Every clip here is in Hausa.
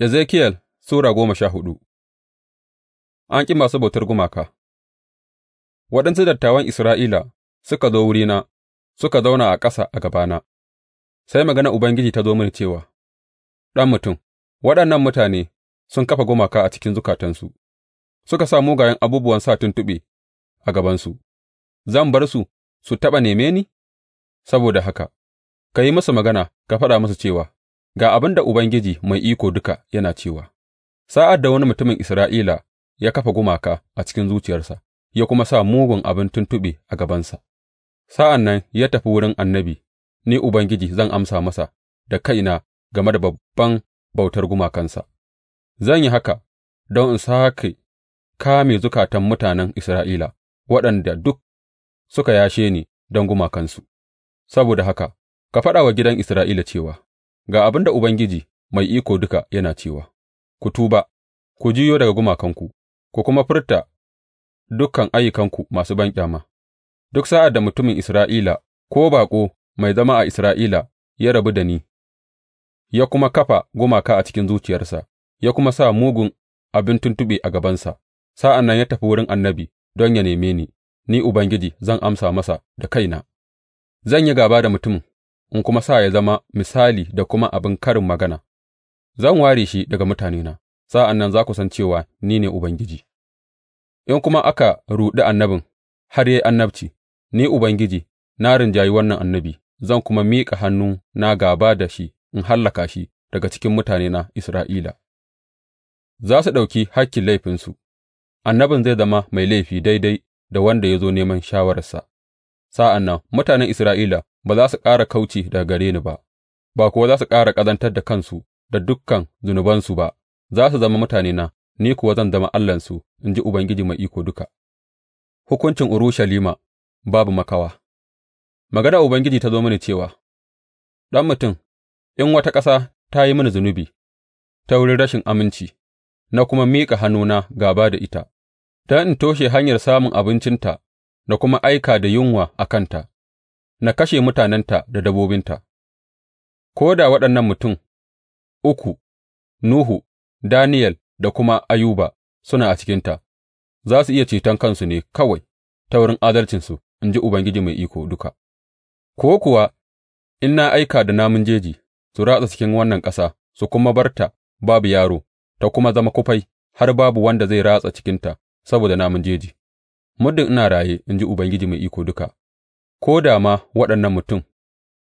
Ezekiyel Sura goma sha hudu An ƙi masu bautar gumaka Waɗansu dattawan Isra'ila suka zo wurina suka zauna a ƙasa a gabana, sai magana Ubangiji ta zo mini cewa, Ɗan mutum, waɗannan mutane sun kafa gumaka a cikin zukatansu, suka sa mugayen abubuwan sa tuntuɓe a gabansu, zan bar su su taɓa neme ni? Saboda haka, ka yi musu magana ka faɗa musu cewa. Ga abin da Ubangiji Mai Iko Duka yana cewa sa'ad da wani mutumin Isra'ila ya kafa gumaka a cikin zuciyarsa ya kuma sa mugun abin tuntuɓe a gabansa, sa'an nan ya tafi wurin annabi, Ni Ubangiji zan amsa masa da kaina game da babban bautar gumakansa, zan yi haka don in sake kame zukatan mutanen Isra'ila waɗanda duk suka yashe ni don gumakansu, saboda haka ka faɗa wa gidan Isra'ila cewa. Ga abin da Ubangiji Mai Iko Duka yana cewa, Ku tuba, ku juyo daga gumakanku, ku kuma furta dukan ayyukanku masu banƙyama, duk sa'ad da mutumin Isra'ila ko baƙo mai zama a Isra'ila ya rabu da ni, ya kuma kafa gumaka a cikin zuciyarsa, ya kuma sa mugun abin tuntuɓe a gabansa, sa'an nan ya tafi wurin annabi don ya neme ni, ni Ubangiji zan amsa masa da kaina, zan yi gaba da mutumin. in kuma sa ya zama misali da kuma abin karin magana, zan ware shi daga mutanena, sa'an nan za ku san cewa ni ne Ubangiji, in kuma aka ruɗi annabin har ya yi annabci, ni Ubangiji na rinjayi wannan annabi, zan kuma miƙa hannu na gaba da shi in hallaka shi daga cikin mutanena Isra'ila. Za su ɗauki hakkin laifinsu, annabin zai zama mai laifi daidai da wanda ya zo neman shawararsa, sa'an nan mutanen Isra'ila ba za su ƙara kauce daga gare ni ba, ba kuwa za su ƙara ƙazantar da kansu da dukan zunubansu ba, za su zama mutanena, ni kuwa zan zama Allahnsu, in ji Ubangiji Mai Iko Duka. Hukuncin Urushalima babu makawa Magana Ubangiji ta zo mini cewa, Ɗan mutum, in wata ƙasa ta yi mini zunubi ta wurin rashin aminci, na kuma miƙa hannuna gaba da ita, don in toshe hanyar samun abincinta da kuma aika da yunwa a kanta. na kashe mutanenta da dabbobinta, ko da waɗannan mutum uku, Nuhu, Daniyel da kuma Ayuba suna a cikinta, za su iya ceton kansu ne kawai ta wurin adalcinsu, in ji Ubangiji Mai Iko Duka, ko kuwa in na aika da namun jeji su ratsa cikin wannan ƙasa su kuma bar ta babu yaro, ta kuma zama kufai har babu wanda zai ratsa cikinta saboda namun jeji, muddin ina raye, in ji Ubangiji Mai Iko Duka. ko da ma waɗannan mutum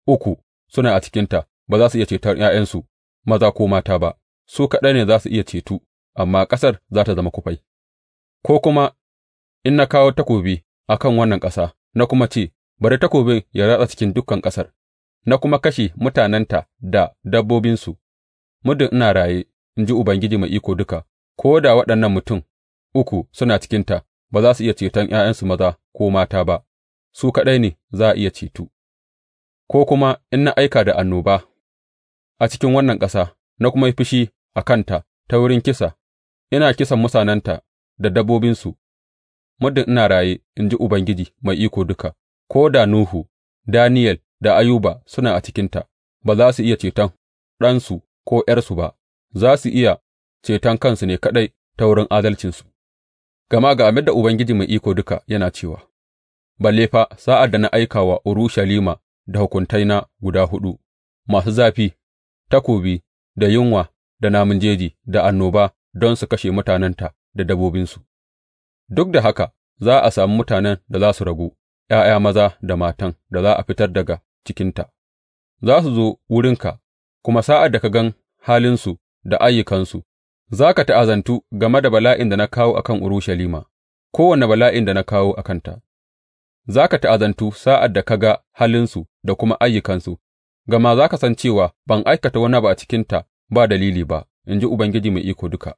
uku suna a cikinta ba za su iya ceton ’ya'yansu maza ko mata ba, su kaɗai ne za su iya ceto, amma ƙasar za ta zama kufai, ko kuma in na kawo takobi a kan wannan ƙasa na kuma ce, Bari takobin ya ratsa cikin dukan ƙasar, na kuma kashe mutanenta da dabbobinsu, muddin ina raye, in ji Ubangiji Mai Iko Duka, ko da waɗannan mutum uku suna cikinta, ba za su iya ceton ’ya'yansu maza ko mata ba, su kaɗai ne za a iya ceto, ko kuma in na aika da annoba a cikin wannan ƙasa na kuma yi fushi a kanta ta wurin kisa, ina kisan mutanenta da dabbobinsu, muddin ina raye, in ji Ubangiji Mai Iko Duka, ko da Nuhu, Daniyel da Ayuba suna a cikinta, ba za su iya ceton ɗansu ko ’yarsu ba, za su iya ceton kansu ne kaɗai ta wurin adalcinsu, gama ga abin da Ubangiji Mai Iko Duka yana cewa. balle fa sa'ad da na aika wa Urushalima da hukuntaina guda huɗu masu zafi, takobi, da yunwa, da namun jeji, da annoba don su kashe mutanenta da dabobinsu. duk da haka za a sami mutanen da za su ragu, ’ya'ya maza da matan da za a fitar daga cikinta, za su zo wurinka, kuma sa'ad da ka gan halinsu da ayyukansu, za ka ta'azantu game da bala'in da na kawo a kan Urushalima, kowane bala'in da na kawo a kanta. za ka ta'azantu sa'ad da ka ga halinsu da kuma ayyukansu, gama za ka san cewa ban aikata wani abu a cikinta ba dalili ba, in ji Ubangiji Mai Iko Duka.